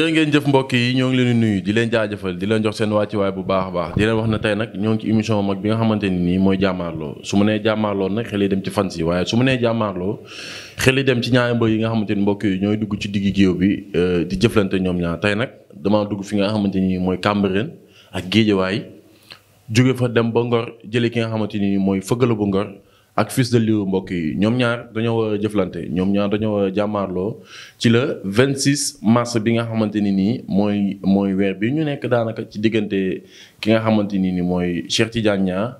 jërë ngeen jëf mbokk yi ñoo ngi leen di nuyu di leen jaajëfal di leen jox seen wàccuwaay bu baax a baax di leen wax na tey nag ñoo ngi ci émission mag bi nga xamante ni nii mooy jàmmaarloo su mu nee jàmmaarloo nag xel yi dem ci fans yi su mu nee jàmmaarloo xel dem ci ñaari mbër yi nga xamante ni mbokk yi ñooy dugg ci diggu géew bi euh, di jëflante ñoom ñaar tey nag damaa dugg fi nga xamante ni mooy Cambérène ak Géejawaay jóge fa dem ba Ngor jëlee ki nga xamante ni mooy fëggala bu Ngor ak Fils de Liru mbokk yi ñoom ñaar dañoo war a jëflante ñoom ñaar dañoo war a jàmmaarloo ci le 26 mars bi nga xamante ni nii mooy mooy weer bi ñu nekk daanaka ci diggante ki nga xamante ni nii mooy Cheikh Tidiane Niang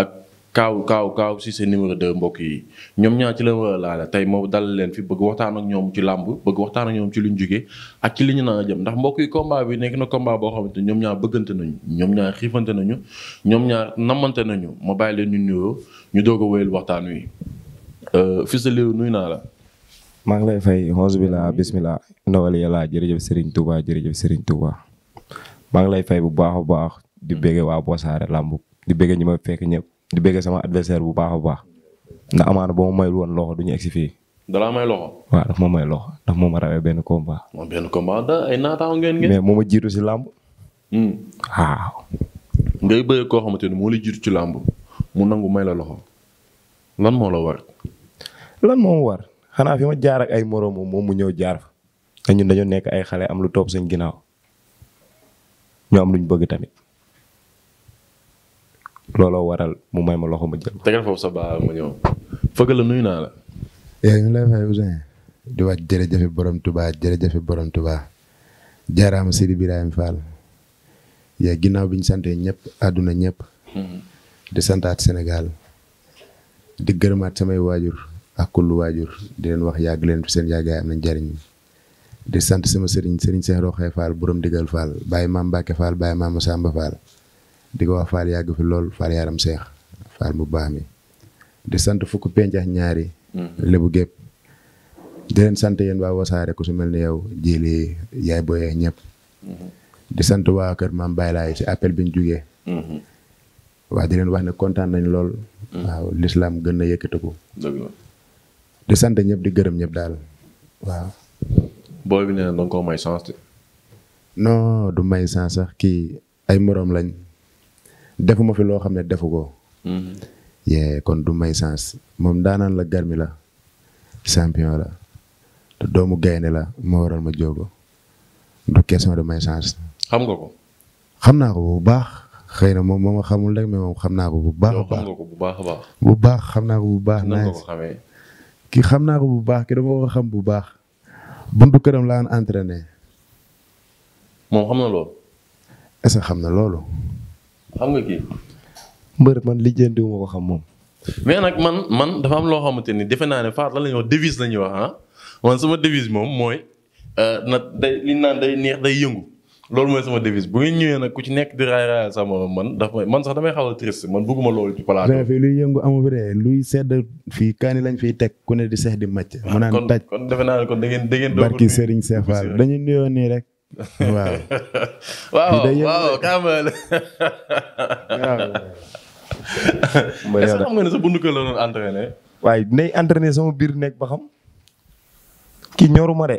ak Kaaw Kaaw Kaaw Cissé numéro 2 mbokk yi. ñoom ñaar ci la war a laale tey moo dalal leen fi bëgg waxtaan ak ñoom ci làmb bëgg waxtaan ak ñoom ci luñ jóge ak ci li ñu naan a jëm ndax mbokk yi combat bi nekk na combat boo xamante ñoom ñaar bëggante nañu ñoom ñaar xiifante nañu ñoom ñaar namante nañu ma bàyyi leen ñu nuyoo ñu doog a wéyal waxtaan wi euh, fii sa naa la. maa ngi lay fay xoosu bi la bisimilah. ndawal yàlla jërëjëf Serigne Touba jërëjëf Serigne Touba. maa ngi lay fay bu baax baax di bëgge waa Wassare Lamb di bëgge ñu ma fekk ñëpp di bëgge sama adversaire bu baax a baax ndax amaana boo ma mayul woon loxo du ñu egsi fii. dalaa may loxo. waaw daf ma may loxo ndax ma ma rawee benn combat. moom benn ay naataango ngeen ngeen. mais moo ma jiitu si làmb. Hmm. waaw. ngay bëre koo xamante ni moo jiitu ci làmb. mu nangu may la loxo lan moo la war. lan moo war xanaa fi ma jaar ay moroomam moom mu ñëw jaar fa dañoo nekk ay xale am lu toog seen ginnaaw ñu am luñ bëgg tamit looloo waral mu may ma loxo ma jël. tegal foofu sa baa ma ñëw fëgg la nuyu naa la. ñu lay fay Ouzin di wax jërëjëf borom Touba jërëjëf borom Touba jaaraama Sidi Birahim Fall yaa ginnaaw bi ñu sante ñëpp àdduna ñëpp. Mm-hmm. di santaat Sénégal di gërëmaat samay waajur ak kullu waajur di leen wax yàgg leen fi seen yàggaay am nañ jariñ di sant sama sëriñ sëriñ Cheikh Roxee Fall borom digal Fall bàyyi maam Mbacke Fall bàyyi maam Samba Fall di ko wax Fall yàgg fi lool Fall yaram Cheikh Fall bu baax di sant fukk pencax ñaari. Mm-hmm. lebu gépp di leen sant yéen waa wasaare ku su mel ni yow jëlee yaay booyee ñëpp. Mm-hmm. di sant waa kër maam Baye Laay ci appel bi ñu waaw di leen wax ne kontaan nañ lool. Mm. waaw lislaam gën na yëkkatiku. dëgg la. di sant ñëpp di gërëm ñëpp daal waaw. booy bi nee na da nga koo may chance. non du may chance sax kii ay moroom lañ defuma fi loo xam ne defu ko. Mm-hmm. yee kon du may chance moom daanaan la garmi la champion la te doomu gaynde la moo waral ma jógo du question de may chance. xam nga ko. xam naa ko bu baax. xëy na moom moom ma xamul rek mais moom xam naa ko bu baax a baax bu baax a baax. bu baax xam naa ko bu baax. nan ko xamee xam naa ko bu baax ki dama xam bu baax. buntu këram laa entraîné. moom xam na loolu. est-ce que xam na loolu. xam nga kii. mbër ko xam moom. mais nag man man dafa am loo xamante ni defe naa ne Fatou lan la ñuy wax devise la ñuy wax ah man devise moom mooy euh, na day li naan day neex day yëngu. loolu mooy sama devise bu ngeen ñëwee nag ku ci nekk di raay raayal sama man dafa man sax damay xaw a triste man bëgguma loolu ci palaatu. vraiment fii luy yëngu amu fi de sedd fii kaani lañ fiy teg ku ne di seex di macc ah, mu naan taj kon defe naa ne kon da ngeen da ngeen. barki Serigne Cheikh Fall dañu nuyoo nii rek. waaw. waaw waaw Kamal. waaw. est-ce que xam nga ne sa bundu kër la doon entraîné. waaye nay entraîné sama biir nekk ba xam. kii ñoruma de.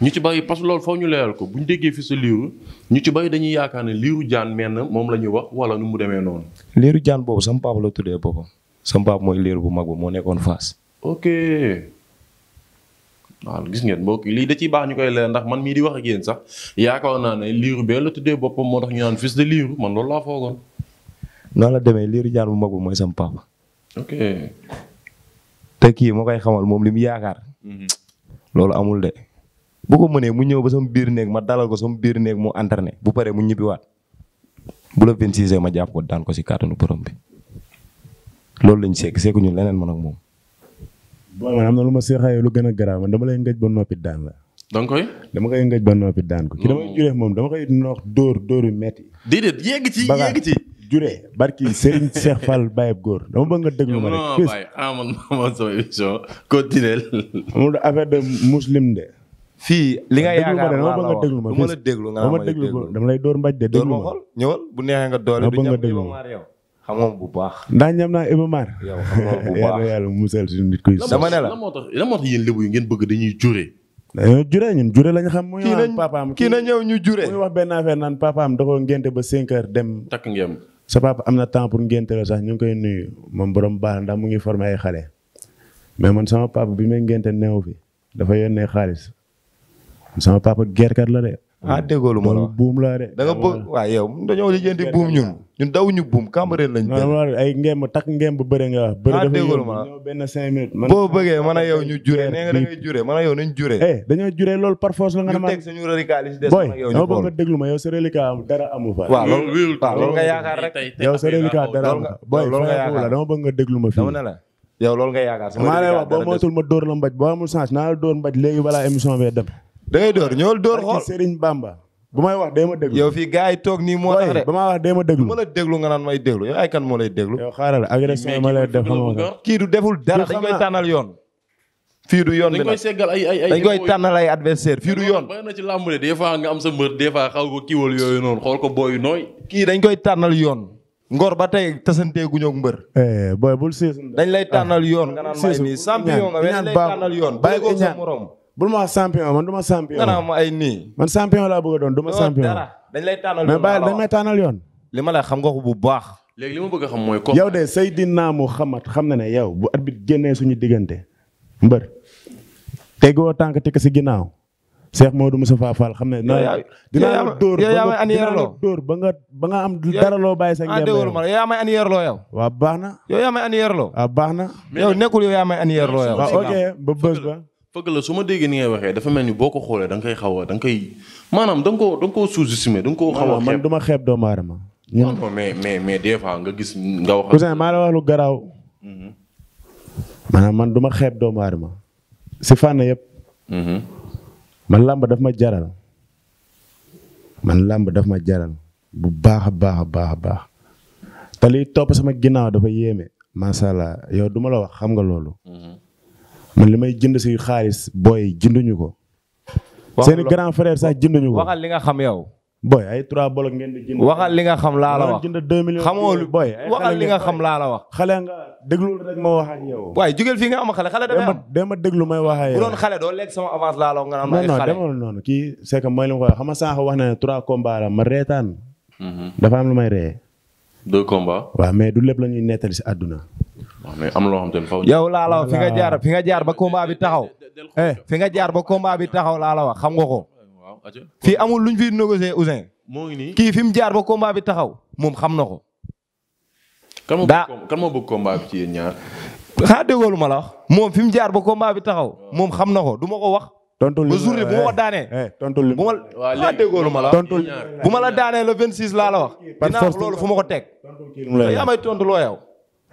ñu ci bàyyi parce que loolu foo ñu leeral ko bu ñu déggee fi sa liiru ñu ci bàyyi dañuy yaakaar ne liiru jaan menn moom la ñuy wax wala mu demee noonu. liiru jaan boobu sama papa la tuddee boppam sama papa mooy liiru bu mag moo nekkoon Fass. ok waaw gis ngeen mbokk lii da ciy baax ñu koy leer ndax man mii di wax ak yéen sax yaakaar naa ne liiru bee la tuddee boppam moo tax ñu naan fils de liiru man loolu laa foogoon. noonu la demee liiru jaan bu mag ba mooy sa papa. ok. te kii moo koy xamal moom li mu yaakaar. Mhm. loolu amul de. boo ko mënee mu ñëw ba sama biir néeg ma dalal ko sama biir néeg mu entraîné bu paree mu ñibbiwaat bu la 26 ma jàpp ko daan ko si kàttanu borom bi loolu lañ seeg seeku ñu leneen man ak moom. booy man am na lu ma seexayee lu gën a garaaw man dama lay ba noppi daan la. danga koy. dama koy ngëj ba noppi daan ko. dama oh. moom dama koy noox dóor dóoru metti. déedéet yegg ci yegg ci jure barki Serigne Cheikh góor dama bëgg nga déglu ma rek. non non waaye ah man maa ma sama muslim de. fii li nga yaakaar laa ma dama la déglu nga ma déglu dama lay door mbaj de déglu ma xool ñëwal bu neexee nga doole du ñam Iba Mar yow xam nga bu baax ndax ñam naa Iba Mar yow xam nga bu baax yàlla musal suñu yi ngeen bëgg dañuy jure dañoo jure ñun jure lañ xam muy wax kii na ñëw ñu jure muy benn affaire naan papaam da ko ngénte ba cinq heures dem takk ngeen sa papa am na temps pour ngénte la sax ñu ngi koy nuyu moom borom baax ndax mu ngi formé ay xale mais man sama papa bi may ngénte neew fi dafa yónnee xaalis sama papa gerkat la de. ah déggoo ma la buum laa de. da nga bëgg dañoo lijjanti buum ñun. ñun daw ñu buum Cambérène lañ. benn ay ngemb takk ngemb bëre nga wax. bëre ah, dafa yomb ñëw benn cinq boo bëggee man ak yow ñu juree nee nga da ngay juree man ak yow nañ juree. eh dañoo juree loolu par force la nga. ñu teg suñu yow ñu xool booy nga déglu ma yow sa reliquat dara ma fii. yow loolu nga yaakaar. ma dóor la mbaj boo amul chance naa la dóor mbaj léegi balaa émission bee dem da ngay dóor ñëwal dóor xool Bamba. bu may wax dee ma déglu yow fii gars yi toog nii moo tax de ba ma wax dee ma déglu nga naan may déglu yow ay kan moo lay déglu. yow xaaral agression yi ma lay def xam nga kii du deful dara dañ koy tànnal yoon. fii du yoon bi seggal ay ay dañ tànnal ay adversaire fii du yoon. bari na ci làmb de des nga am sa mbër des fois xaw ko kiiwal yooyu ko booyu nooy. kii dañ koy tànnal yoon. ngor ba tey tasanteeguñu ak mbër. Eh, booy bul siis dañ lay tànnal ah. yoon nga naan may nii yoon bàyyi ko sa bul ma wax champion man du ma champion. ma ay nii. man champion laa bëgg doon du ma champion. dara dañ lay tànnal yoon mais bàyyi dañ may tànnal yoon. li ma la xam nga ko bu baax. léegi li ma bëgg a xam mooy. yow de Seydina Muhammad xam na ne yow bu arbitre génnee suñu diggante mbër tegoo tànk tekk si ginnaaw. Cheikh Modou Moustapha Fall xam ne. yaa yaa dóor dóor ba ba nga am dara loo bàyyi sa ah, ngeen. yow yaa may aniyerloo yow. waaw baax na. baax na. yow nekkul yow yaa may aniyerloo yow. waaw ok ba bës ba. fëgg la su ma déggee ni ngay waxee dafa mel ni boo ko xoolee da nga koy xaw a koy maanaam da koo da nga koo sous-estimé da koo xaw a man du ma xeeb doomu aadama non mais mais mais des fois nga gis nga wax cousin maa la wax lu mhm. man du ma xeeb doomu aadama si fànn yëpp mhm. man làmb daf ma jaral man làmb daf ma jaral bu baax a baax a baax a baax te liy topp sama ginnaaw dafa yéeme macha allah yow duma la wax xam nga loolu mhm. man li may jënd si xaalis booy jënduñu ko. seeni grand frère sax jënduñu ko. waxal li nga xam yow. booy ay trois bolok ngeen di jënd. waxal li nga xam laa jënd deux booy waxal li nga xam laa la wax. xale nga déglul rek ma wax ak waaye jógeel fii nga am xale xale dama am. dama déglu may wax ak yow bu doon xale doo lekk sama avance laa la wax nga naan ma ay xale. demoon noonu kii c'est que mooy li ma ko xam nga sànq wax na ne trois combats la ma reetaan. Mhm. dafa am lu may ree. deux combats. waaw mais du lépp la ñuy nettali si àdduna. mais am loo xam te ne faaw laa la wax fi nga jaar fi nga jaar bi taxaw. eh fi nga jaar ba combat bi taxaw laa la wax xam nga ko. fii amul luñ fi négocier Ouzin. moo ngi nii kii fi jaar ba combat bi taxaw moom xam na ko. daa kan moo bëgg combat bi ma la moom fi mu jaar ba combat bi taxaw moom xam na ko du ma ko wax. tontu lu jour bu ma ko eh, daanee. Eh, tontu bu ma la déggoolu la wax bu ma la daanee le 26 laa la wax. par force dinaa loolu fu ma ko teg. yaa may tontu loo yow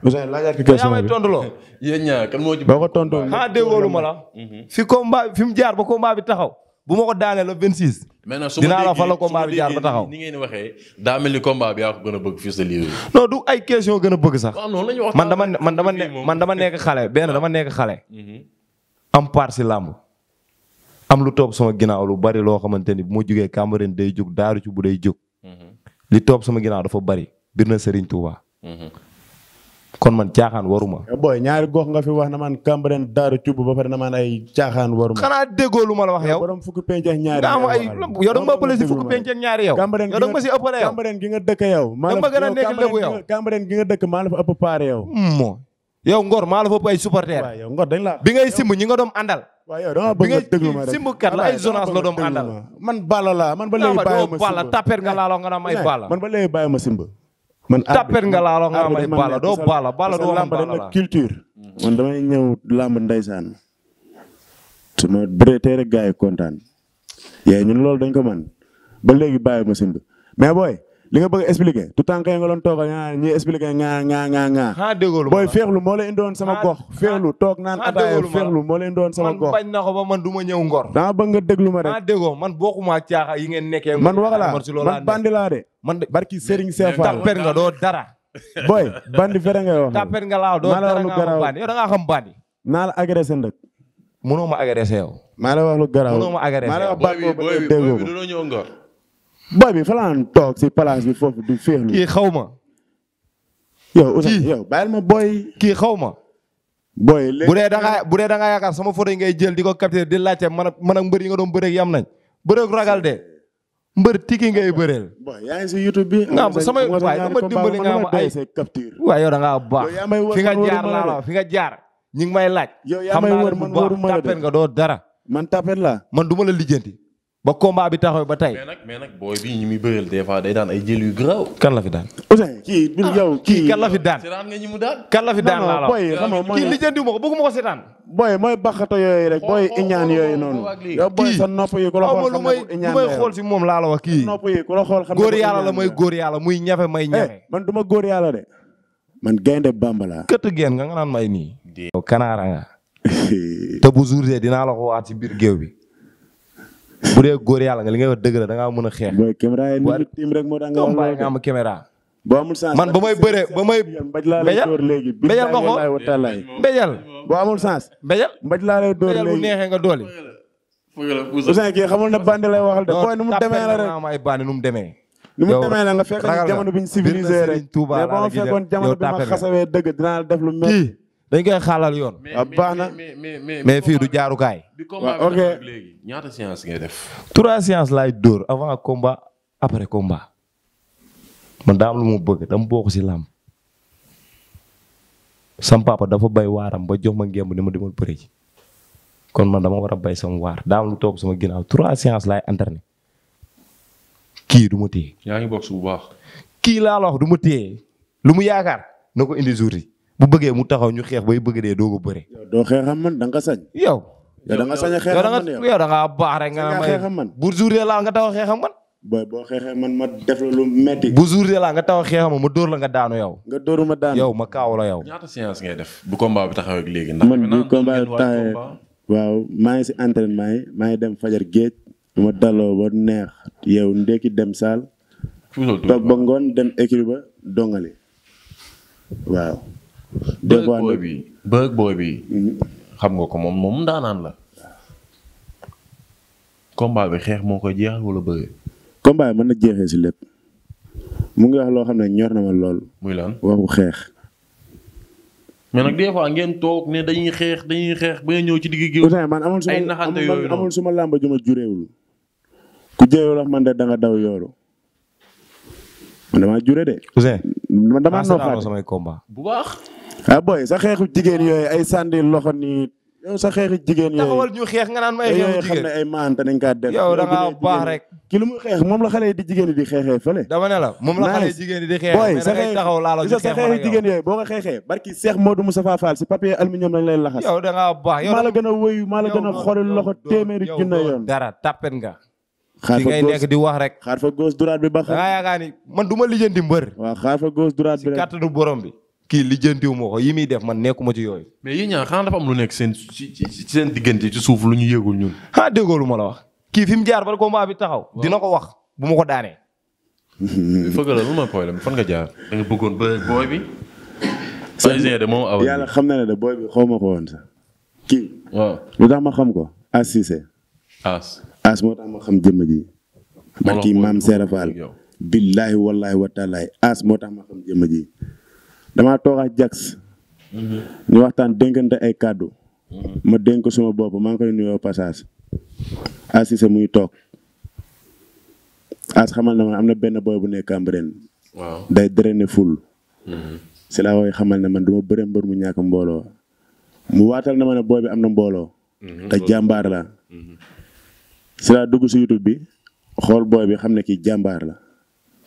Ousseyn laajaat ko question bi may tontu boo ko tontu ah déggoo lu ma la. Mhm. fi combat fi mu jaar ba combat bi taxaw. bu ma ko daanee la 26. maintenant su ma dinaa la fa la combat bi jaar ba taxaw. ni ngeen waxee daa mel ni combat bi yaa ko gën a bëgg fii sa lii. non du ay question gën a bëgg sax. man dama man dama ne man dama nekk xale benn dama nekk xale. Mhm. am part si làmb. am lu topp sama ginnaaw lu bari loo xamante ni bu ma jugee Cambérène day jóg daaru ci bu day jóg. Mhm. li topp sama ginnaaw dafa bari. bir na Serigne Touba. kon man caaxaan waruma. booy ñaari gox nga fi wax na man Cambérène Daaru Cubb ba pare na man ay caaxaan waruma. xanaa déggoo la wax yaw borom fukki penc ak ñaari yow ay yow da nga ma ëppale si fukki penc dëkk yow. a nekk lébu maa la fa ëpp paare yow. moo yow Ngor maa la fa ëpp ay supporter. waaw yow Ngor dañ la. bi ngay simb ñi nga doon àndal. waaw yow dama nga déglu ma rek bi la ay zonaas la doon àndal. man bala la man ba léegi ma simb. man tapet nga laa la nga may bala doo bala bala doo am bala culture. man damay ñëw làmb ndeysaan. su ma bëreetee rek gars kontaan. yaa ñun loolu dañ ko man ba léegi bàyyi ma simb mais booy. li nga bëgg a expliquer tout temps nga doon toog a ñi nga nga nga nga lu feexlu moo la indoon sama gox feexlu toog naan ataaya feexlu moo la indoon sama gox man bañ na ko man du ma ñëw ngor dama bëgg nga déglu ma rek xaa déggoo man bokkuma caaxa yi ngeen nekkee man waxala man bandi laa de man barki Serigne Sefa tapper nga doo dara boy bandi fere ngay wax tapper nga laaw doo dara xam bandi yow da nga xam ma agressé yow maa la wax lu garaaw mënoo ma agressé boy bi fa toog si place bi foofu du féex. kii xaw ma. yow Ousseynou yow ma booy. kii xawma ma. booy léegi bu dee da ngaa bu dee da ngaa yaakaar sama photo ngay jël di ko capter di laajte man ak man mbër yi nga doon bëreeg yam nañ bëreeg ragal de mbër tiki ngay bëreel. bon yaa ngi si YouTube sama waay dama dimbali nga ma ay waay yow da baax fi nga jaar laa la fi nga jaar. ñu may laaj. yow yaa man wëruma la xam naa ne bu baax nga doo dara. man tapet la man du ma la lijjanti ba combat bi taxaw ba tey. mais mais nag booy bi ñu muy bëreel des fois day daan ay jël yu garaaw. kan la fi daan. Ousseyn kii ah, bi yow kii kan la fi daan. seetaan nga ñi mu daan. kan la fi daan laa la booy xam nga kii lijjantiw ko bëgguma ko seetaan. booy mooy baxato yooyu rek booy iñaan yooyu noonu. yow booy sa nopp yi ku la xool xam ne iñaan may xool si moom laa la kii. nopp la xool xam ne góor yàlla la may góor yàlla muy ñafe may ñafe. Eh, man du ma góor yàlla de. man gaynde bàmba laa. këtt geen nga nga naan may nii. kanaara nga te bu jour dinaa la ko waat ci biir géew bi bu dee góor yàlla nga li ngay wax dëgg la da ngaa mën a xeex. booy ba may bëree ba may. mbaj laa lay door léegi mbéjal nga ko mbéjal. boo amul sens. mbéjal mbaj laa lay door léegi mbéjal bu neexee nga doole. Ousseyn kii xamul ne bande lay waxal de. booy nu mu demee la rek am ay bande nu mu demee. ni mu demee la nga fekk jamono bi ñu civilisé rek. mais boo dëgg dinaa def lu mel dañ koy xaalal yoon. a ah, na mais fii du jaarukaay. ok léegi ñaata séance ngay def. trois séances laay dóor avant combat après combat man daa am lu mu bëgg dama bokk si làmb. sam papa dafa bay waaram ba jox ma ngemb ni ma demal bëri kon man dama war a bay sam waar daa am toog sama ginnaaw trois séances laay entraîné kii du ma yaa ngi bokk su bu baax. kii laa wax du ma téye lu mu yaakaar ko indi bu bëggee mu taxaw ñu xeex bay bëgg dee doo ko bëre. doo xeexam man da nga sañ. yow yow da nga sañ a xeexam man yow da nga baax a xeexam man bu jour de la nga taxaw xeexam man. booy boo xeexee man ma def la lu bu jour de nga taxaw xeexam ma dóor la nga daanu yow. nga door ma daanu yow ma kaawalo la yow. ñaata ngay def bu combat bi taxawee ak léegi. ndax man bu combat bi taxawee waaw maa ngi si entraînement yi maa ngi dem fajar géej. du ma daloo ba neex yow ndekki dem saal. toog ba ngoon dem écurie ba dongali waaw bëgg booy bi bëgg booy bi. Mm-hmm. xam nga ko moom moom daanaan la. combat bi xeex moo koy jeexal wala bëgg. combat bi mën na jeexee si lépp. mu ngi wax loo xam ne ñor na ma lool. muy lan waxu xeex. mais nag des fois ngeen toog ne dañuy xeex dañuy xeex ba ñëw ci digg gi. man amul suma ay naxante yooyu noonu amul suma làmba ju ma jureewul. ku jëyoo la man de da nga daw yooru. man damaa jure de. Ousseyn. man damaa noo samay combat bu baax. ah booy sa xeexu jigéen yooyu ay sànni loxo nii yow sa xeexu jigéen yooyu taxawal ñu xeex nga naan may xeexu jigéen xam ne ay maanta kaa def yow da ngaa baax rek ki lu muy xeex moom la xale yi di jigéen yi di xeexee fële dama ne la moom la xale jigéen yi di xeex booy sa xeex taxaw laa la sa xeexu jigéen yooyu boo nga xeexee ba Cheikh Modou Moustapha Fall si papier aluminium lañ lay laxas yow da ngaa baax yow maa la gën a wëyu maa la gën a xooli loxo téeméeri junne yoon nga di ngay nekk di wax rek xaar fa gauche droite bi ba xam da ngaa man du ma di mbër waa xaar fa gauche droite bi si kàttanu borom bi kii lijjantiw ma ko yi muy def man nekkuma ci yooyu. mais yéen ñaar xanaa dafa am lu nekk seen seen diggante ci suuf lu ñu yëgul ñun. ah déggoo lu ma la wax. kii fi mu jaar ba combat bi taxaw. dina ko wax bu ma ko daanee. fëgg la nga jaar. da nga bëggoon ba booy bi. xam na ne de booy bi xaw ma ko woon sax. kii. waaw lu tax ma xam ko. As Cissé. As. As moo tax ma xam jëmm ji. ma kii maam Serap Fall. billaahi wallaahi wa taalaay As moo tax ma xam jëmm ji. damaa toog ak Jax. Mm-hmm. ñu waxtaan dénkante ay kàddu. Mm-hmm. ma dénk suma bopp maa ngi koy nuyoo passage. Asise muy toog. As xamal na ma am na benn boy bu nekk Cambérène. waaw day drainer ful. Mm-hmm. si laa koy xamal ne man du ma bëre mbër ñàkk mbooloo. mu waatal na ma ne booy bi am na mbooloo. te jàmbaar la. si laa dugg si bi xool booy bi xam ne kii jàmbaar la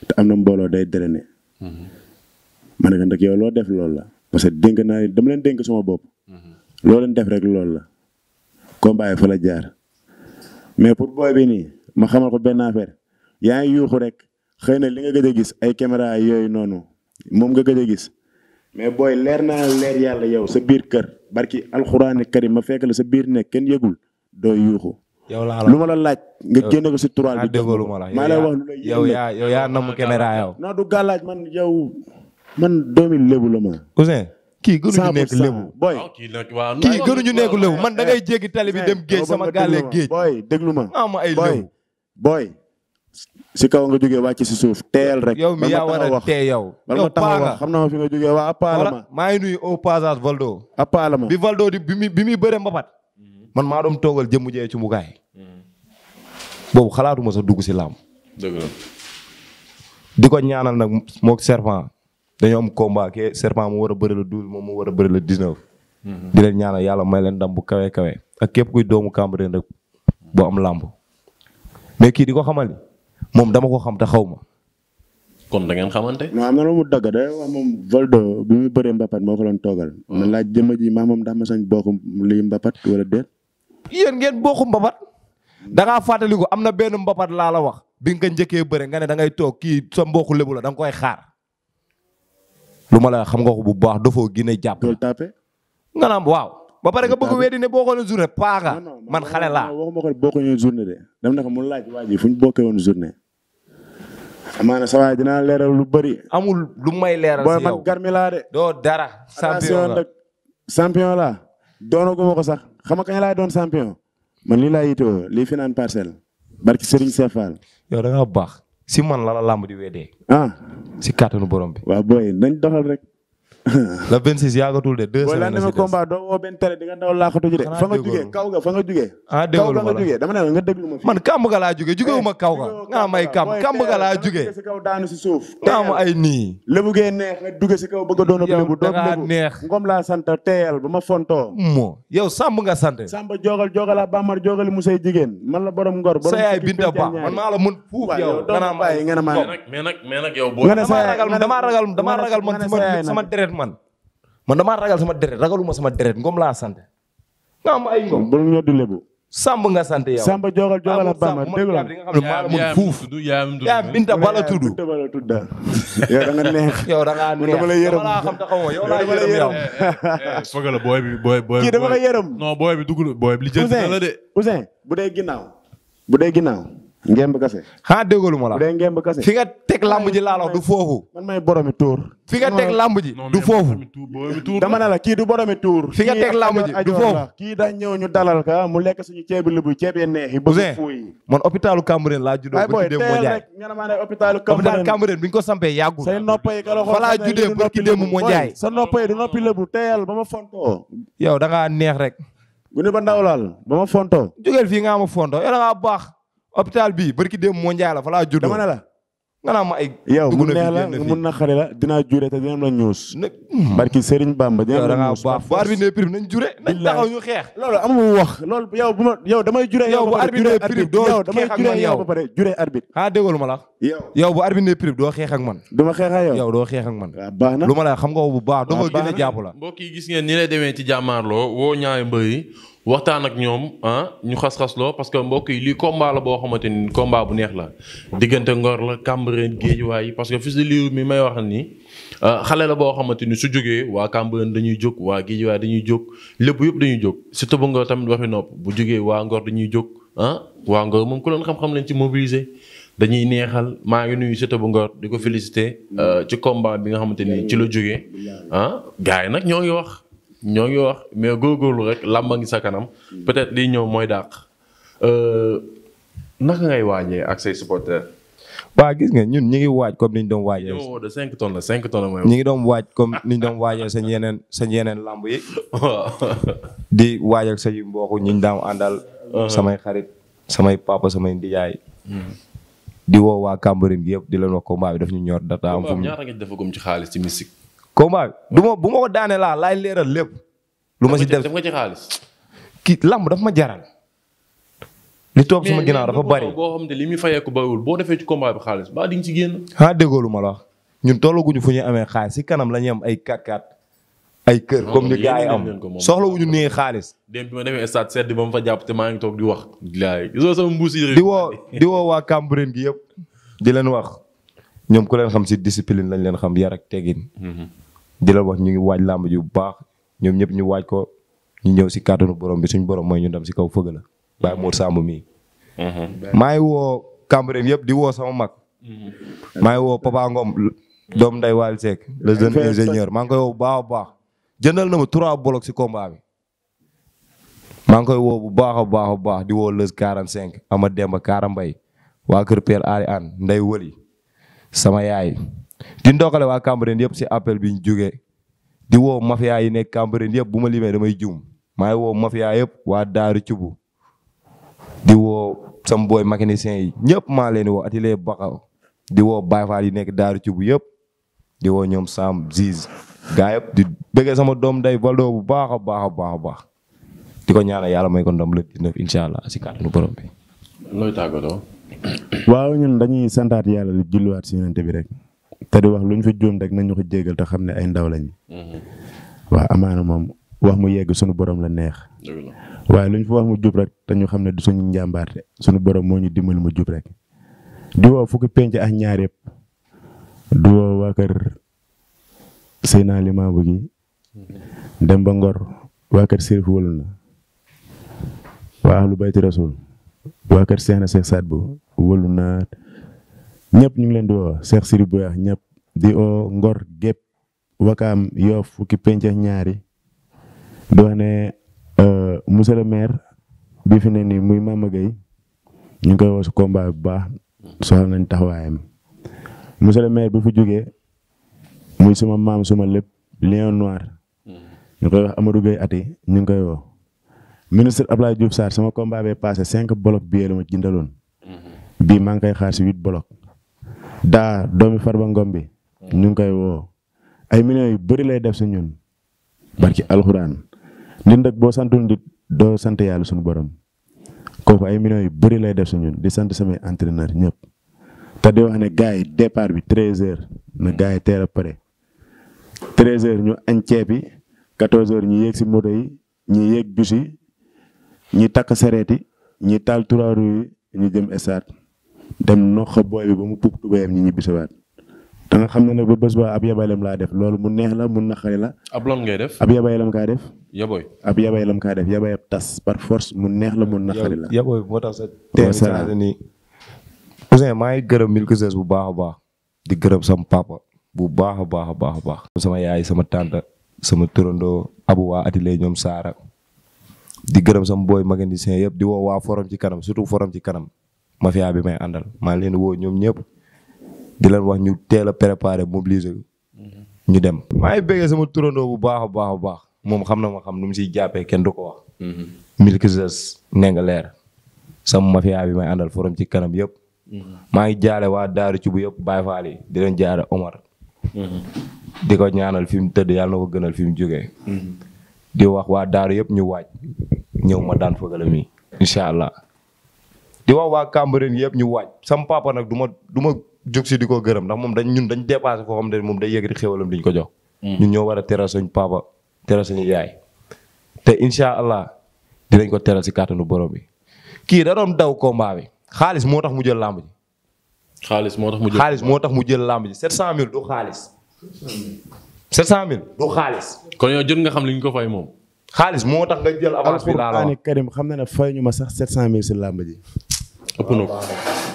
te am na mbooloo day drainer. ma ne ko nag yow loo def loolu la parce que dénk leen dénk sama bopp. Mhm. loo leen def rek loolu la. ko yi fa la jaar mais pour booy bi nii ma xamal ko benn affaire yaa yuuxu rek xëy na li nga gëj a gis ay caméra yooyu noonu moom nga gëj a gis. mais booy leer naa leer yàlla yow sa biir kër barki alxuraani karim ma fekk la sa biir nekk kenn yëgul doo yuuxu. yow la lu ma la laaj. nga génne ko si turaal bi ah, ma la. wax lu lay yow yaa yow yaa namm ah, caméra yow. man doomi lébu la ma. Ouzin kii gënuñu nekk lébu. nekk lébu man da ngay jéggi tali bi eh, dem géej sama gaale géej. booy déglu ma am ah, ay lébu booy. si kaw nga jógee wàcc si suuf teel rek. yow mi yaa war a tee yow. yow Paaga ma naa maa ngi nuyu au passage Valdo. Apaalama bi Valdo di bi muy bi muy bëre mbapat. Mhm. man maa doon toogal jëmm jee ci mhm. boobu xalaatuma sa dugg si laam. di ko ñaanal nag moog serpent dañoo am combat ke serpent mu war bëri le douze moom mu war a di leen ñaanal yàlla may leen ndam bu kawe kawe ak képp kuy doomu Cambérène rek boo am làmb mais kii di ko xamal moom dama ko xam te xaw ma. kon da ngeen xamante. non am na lu mu dagg day wax moom Valdo bi muy bëree Mbapat moo ko doon toogal. Hmm. man laaj jëmm ji moom ndax ma sañ bokk lii Mbapat wala déet. yéen ngeen bokk Mbapat. da fàttaliku am na benn Mbapat laa la wax. bi nga njëkkee bëre nga ne da ngay toog kii sa mbokku lébu la da koy xaar. lu ma la xam nga ko bu baax dafoo gën a jàpp. dool tapé. nga naan waaw. ba pare nga bëgg a weddi ne boo xoolee journée paaga man xale laa. waxuma ko bokkuñu journée de dem na ko mu laaj waa ji fu ñu bokkee woon journée. amaana sa waay dinaa leeral lu bëri. amul lu may leeral si yow booy garmi laa de. doo dara. champion la champion la doonaguma ko sax xam nga kañ laay doon champion. man lii laa yitoo lii fi naan parcelle. barki Serigne Cheikh Fall. yow da nga baax. si man la la làmb di weddee. ah si kàttanu borom bi. waaw booy nañ doxal rek. la 26 yaagatul de. deux semaines la combat doo woo benn tere ji de. fa nga jugee kaw nga fa nga jugee. ah ma la kaw nga jugee dama ne la nga déglu ma fi. man kàmb ga laa jugee jugee wu ma eh, kaw ga. nga may kàmb kàmb ga laa jugee. si kaw daanu si suuf. taamu ay nii. lébu gee neex nga dugg si kaw bëgg a doon ak lébu. yow da ngaa neex ngom laa sant teyal ba ma fontoo. moo yow Samb nga sant. Samb joogal joogalaa Bamar joogali Musay jigéen man la borom ngor. borom yaay Binta Ba man maa la mun fuuf yow. nga man man damaa ragal sama deret ragaluma sama deret ngom laa sant. nga am ay ngom bu ñu di lebu. Samb nga sant yow. Samba Jogal Jogal ak Bamba dégg maa mun fuuf yaa Binta Bala tudd. yow da nga neex. yow da nga neex dama la yërëm dama la xam taxaw ma yow laa yërëm yow. Eh, eh, eh, foog la booy bi booy booy. kii dama la yërëm. non booy bi dugg booy bi li jënd na de. Ousseyn bu dee ginnaaw bu dee ginnaaw. ngemb ma la. bu dee ngemb kase. laa la du foofu. man may fi nga teg lamb ji du foofu. dama ne la kii du boromi tuur. fi nga teg lamb ji du foofu. kii daa ñëw ñu dalal ka mu lekk suñu ceebi lubu ceeb neex yi. bëgg hôpitalu Cambérène laa juddoo. ba la xool fa laa juddee ba ci démb moo njaay. sa nopp yi ma fontoo. yow da ngaa neex rek. gune ba ndawlaal ba ma fontoo. jógeel fii nga ma fontoo yow da baax hôpital bii barki dem moo njaay la fa laa juddoo dama la. nga naa ma ay. yow mun neex la na xare la dinaa jure te dina la na hmm. barki Serigne Bamba dina la ñuus. waaw bu arbitre prime nañ jure. nañ taxaw ñu xeex. loolu amul wax loolu yow bu ma yow damay jure. yow bu arbitre prime doo xeex ak man yow ba pare jure arbitre. ah déggoo ma la. yow bu arbitre doo xeex man. duma xeex ak yow doo xeex man. waaw ah, na lu ma la xam nga bu baax. waaw ah, baax na doo ko gën a jàpp la. mbokk yi gis ngeen ni lay demee ci jàmmaarloo woo ñaari mbër waxtaan ak ñoom ah ñu xas-xasloo parce que mbokk yi lii combat la boo xamante ni combat bu neex la diggante ngor la Cambérène Guédiawaye parce que Fils de Lirou mi may wax ni ah, xale la boo xamante ni su jógee waa Cambérène dañuy jóg waa Guédiawaye dañuy jóg lépp yëpp dañuy jóg surtout ba ngor tamit waxi nopp bu jógee waa ngor dañuy jóg ah waa ngor moom ku leen xam-xam leen ci mobiliser dañuy neexal maa ngi nuyu Siteu bu Ngor di ko féliciter ah, ci combat bi nga xamante ni ci la jógee ah yi nag ñoo ñoo ngi wax mais góorgóorlu rek làmba ngi sa kanam. Mm. peut-être liy ñëw mooy dàq. Euh, naka ngay waajee ak say supporters. waa gis nga ñun ñu ngi waaj comme ni ñu doon waajee. ñoo de 5 tonnes la 5 tonnes ngi doon waaj comme ni ñu doon waajee yeneen seen yeneen làmb yi. di waaj ak say mbokk ñu daan àndal. Uh-huh. samay xarit samay papa samay ndijaay. Mm. di woo waa Cambérène yëpp di leen wax combat bi daf ñu ñor data am. fu mu ñaata nga defagum ci xaalis ci musique. combat bi du ma bu ma ko daanee laa laay leeral lépp. lu ma si def nga ci xaalis. ki lamb dafa ma jaral. li toog suma ginnaaw dafa bari boo xam ne li muy fayee ko bariwul boo defee ci combat bi xaalis ba di nga ci génn. ah déggoo ma la ñun tollaguñu fu ñuy amee xaalis si kanam la am ay 4-4. ay kër comme ni gars yi am soxlawuñu nii xaalis. démb bi ma demee stade sedd ba ma jàpp te maa ngi toog di wax. gisoo sama di woo di woo waa Cambérène gi yëpp. di leen wax ñoom ku leen xam si discipline lañ leen xam yar ak teggin. Mhm. di la wax ñu ngi waaj làmb ji bu baax ñoom ñëpp ñu waaj ko ñu ñëw si kàttanu borom bi suñu borom mooy ñu dem si kaw fëgg la Baye Mour Samb mii. Mm-hmm. maa ngi woo Cambérène yëpp di woo sama mag. Mm-hmm. maa ngi woo Papa ngoom doom nday Waly Seck le jeune maa ngi koy woo bu baax baax jëndal na ma trois blocs si combat maa ngi koy woo bu baax baax di woo lës 45 ama demba kaara mbay waa kër Père Ari An nday wëli sama yaay. di ndokkale waa Cambérène yëpp si appel bi ñu jógee di woo mafia yi nekk Cambérène yëpp bu ma limee damay juum maa woo mafia yëpp waa Daaru Cubu di woo sam booy mécanicien yi ñëpp maa leen di woo atelier di woo Baye yi nekk Daaru Cubu yëpp di woo ñoom Sam Ziz yëpp di bëggee sama doom day Valdo bu baax a baax a baax a baax di ko ñaanal yàlla mooy ko ndam le 19 incha allah si kàttanu borom bi. looy tàggatoo. waaw ñun dañuy santaat yàlla di julliwaat si yonent bi rek. te di wax lu ñu fi juum rek nañu ko jéggal te xam ne ay ndaw lañ mhm. amaana moom wax mu yegg suñu borom la neex waaye lu ñu wax mu jub rek te ñu xam ne du suñu njàmbaarte suñu borom moo ñu dimbali mu jub rek di woo fukki penc ak ñaar yëpp di woo waa kër Seynaa Limaamu mhm. Ngor waa kër Sérif Wëlu na waa Seex Saad bu wëlu na ñëpp ñu ngi leen di woo Cheikh Siri Boya ñëpp di oo Ngor gépp wakam Yoff fukki penc ñaari di wax ne euh, monsieur le maire bi fi ne nii muy Mama ñu ngi koy woo si combat bu baax soxal nañ taxawaayam monsieur le maire bu fi jógee muy suma maam suma lépp lion noir ñu koy wax Amadou Gueye ati ñu ngi koy woo ministre Abdoulaye Diouf Sarr sama combat bee passé cinq bloc biyee la ma jindaloon bii maa ngi koy xaar si huit daa doomi Farba Ngom bi ñu ngi koy woo ay millions yu bëri lay def si ñun barki alxuraan nit nag boo santul nit doo sant yàlla suñu borom kooku ay millions yu bëri lay def si ñun di sant samay entraîneur ñëpp te di wax ne gars yi départ bi treize heures na gars yi teel a pare treize heures ñu añ ceeb yi quatorze heures ñu yéeg si moto yi ñu yéeg bus yi ñu takk sareet yi ñu taal turaaru yi ñu jëm stade dem noq booy bi ba mu puub tubéyam ñi ñibbi sawaat da nga xam ne nag ba bés ba ab yabaylam laa def loolu mu neex la mun na naqari la. ab lon ngay def ab lam kaa def. yaboy ab yabaylam kaa def yabayab tas par force mu neex la mu naqari la. yaboy moo tax sa tey saa nii. Ouzin maa ngi gërëm Milkzez bu baax a baax di gërëm sama papa bu baax a baax a baax a baax. sama yaay sama tante sama turandoo abu waa atile ñoom saara di gërëm sama booy magandicien yëpp di woo forom ci kanam surtout forom ci kanam. mafia bi may àndal maa leen woo ñoom ñëpp di leen wax ñu teel a préparer mobiliser mm-hmm. ñu dem. maa ngi bëggee sama turandoo bu baax a baax baax moom xam na ma xam nu mu siy jàppee kenn du ko wax. Mm-hmm. milki sës ne nga leer sama mafia bi may àndal forom ci kanam yëpp. Mm-hmm. maa ngi jaale waa Daaru ci bu yëpp Baye Fall yi di leen jaare Omar. di ko ñaanal fi mu tëdd yàlla na ko gënal fi mu jógee. di wax waa Daaru yëpp ñu waaj ñëw ma daan fëgale mi incha allah. di wax waa Cambérène yëpp ñu waaj sam paapa nag du ma du ma jóg si di ko gërëm ndax moom dañ ñun dañ dépassé foo xam ne moom day yëkkati xéwalam di ko jox. Hmm. ñun ñoo war a teral suñ papa teral suñu yaay. te incha allah dinañ ko teral si kàttanu borom bi kii da doon daw combat bi xaalis moo tax mu jël làmb xaalis moo tax mu jël moo tax mu jël làmb ji 700000 du xaalis. 700000 du xaalis. kon yow jot nga xam li ko fay moom. xaalis moo tax nga jël avance bi. laa na ne fay ñu ma sax 700000 si làmb ji. ëpp na ko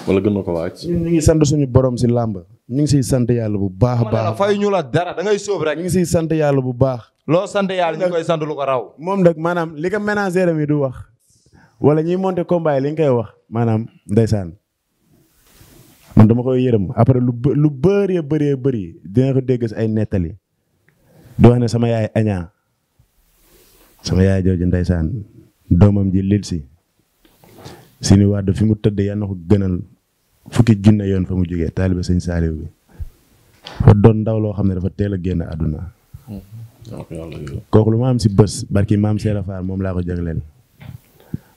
wala gën na ko waaj. ñun ñu ngi sant suñu borom si làmb ñu ngi siy sant yàlla bu baax a baax. fay ñu dara da ngay rek. ñu ngi siy sant yàlla bu baax. loo sant yàlla ñu koy sant lu ko moom nag maanaam li ko ménager mi du wax. wala ñiy monter combat yi li nga koy wax maanaam ndeysaan man dama koy yërëm après lu bë lu bëree bëree bëri dina ko dégg si ay nettali. du wax ne sama yaay añaa sama yaay jooju ndeysaan doomam ji lil si Sini Wade fi mu tëdd yal na ko gënal fukki junne yoon fa mu jógee taaliba sëñ Saaliw bi fa doon ndaw loo xam ne dafa teel a génn àdduna. kooku lu ma am si bës barki maam Seera Faar moom laa ko jagleel.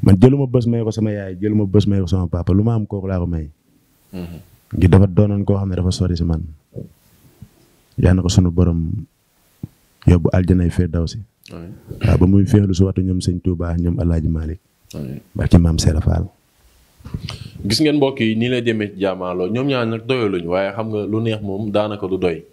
man jëluma bés may ko sama yaay jëluma bés may ko sama papa lu ma am kooku laa ko may. ngir dafa doonoon koo xam ne dafa sori si man. yaa na ko sunu borom yóbbu aljanay firdawsi. waaw ba muy féexlu si waxtu ñoom sëñ Touba ñoom El Hadj barki maam Serap gis ngeen mbokk yi nii lay deme ci ñoom ñaar nag doyaluñu waaye xam nga lu neex moom daanaka lu doy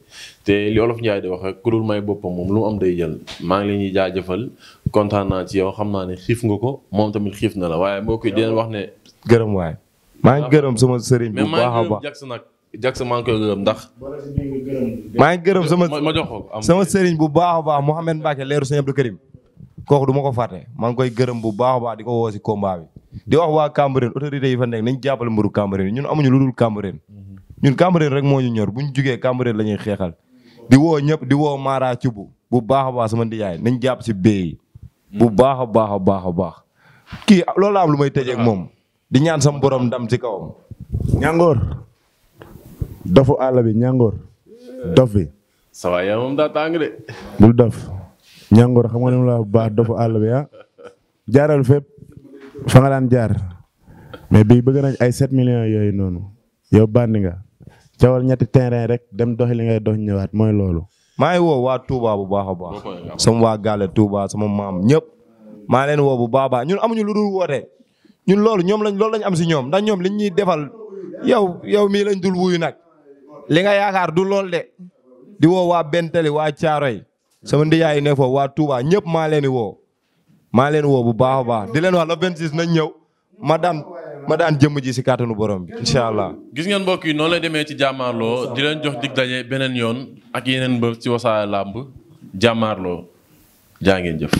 te li olof Njaay di wax ku dul may boppam moom lu am day jël maa ngi leen di jaajëfal kontaan naa ci yow xam naa ne xiif nga ko moom tamit xiif na la waaye mbokk yi di wax ne. gërëm waay maa ngi gërëm sama sëriñ bu baax a baax mais Jackson maa ngi koy gërëm ndax. maa ngi gërëm sama ma jox ko sama sëriñ bu baax a baax Mouhamed Mbacke leeru sëñ Abdou kooku du ma ko fàtte maa ngi koy gërëm bu baax a baax di ko woo si di wax waa Cambérène autorité yi fa nekk nañ jàppale mburu Cambérène ñun amuñu lu dul Cambérène ñun Cambérène rek moo ñu ñor bu jugee Cambérène la ñuy xeexal di woo ñëpp di woo Mara Cubu bu baax a baax sama ndiyaay nañ jàpp si béy bu baax a baax a baax a baax kii loolu lu may tëjee ak moom di ñaan sama borom ndam si kawam. ñàngoor dofu àll bi ñàngoor dof bi. sa waay yow moom daa tàng de. bul dof. ñàngoor xam nga laa bu baax dofu àll bi ah jaaral fépp fa daan jaar mais bii bëgg nañ ay 7 millions yooyu noonu yow bandi nga cawal ñetti terrain rek dem doxi li ngay dox ñëwaat mooy loolu. maa ngi woo waa Touba bu baax a baax sama waa Gale Touba sama maam ñëpp maa leen woo bu baax baax ñun amuñu lu dul woote ñun loolu ñoom lañ loolu lañ am si ñoom ndax ñoom liñ ñuy defal yow yow mii lañ dul wuyu nag li nga yaakaar du lool de di woo waa Bentali waa sama ndiyaay yi ne foofu waa Touba ñëpp maa leen woo maa leen woo bu baax a baax di leen wax la 26 nañ ñëw ma daan ma daan jëmm ji si kàttanu borom bi incha allah. gis ngeen mbokk yi noonu lay demee ci jàmmaarloo di leen jox dig daje beneen yoon ak yeneen mbër ci Wassare Lamb jàmmaarloo jaa ngeen jëf.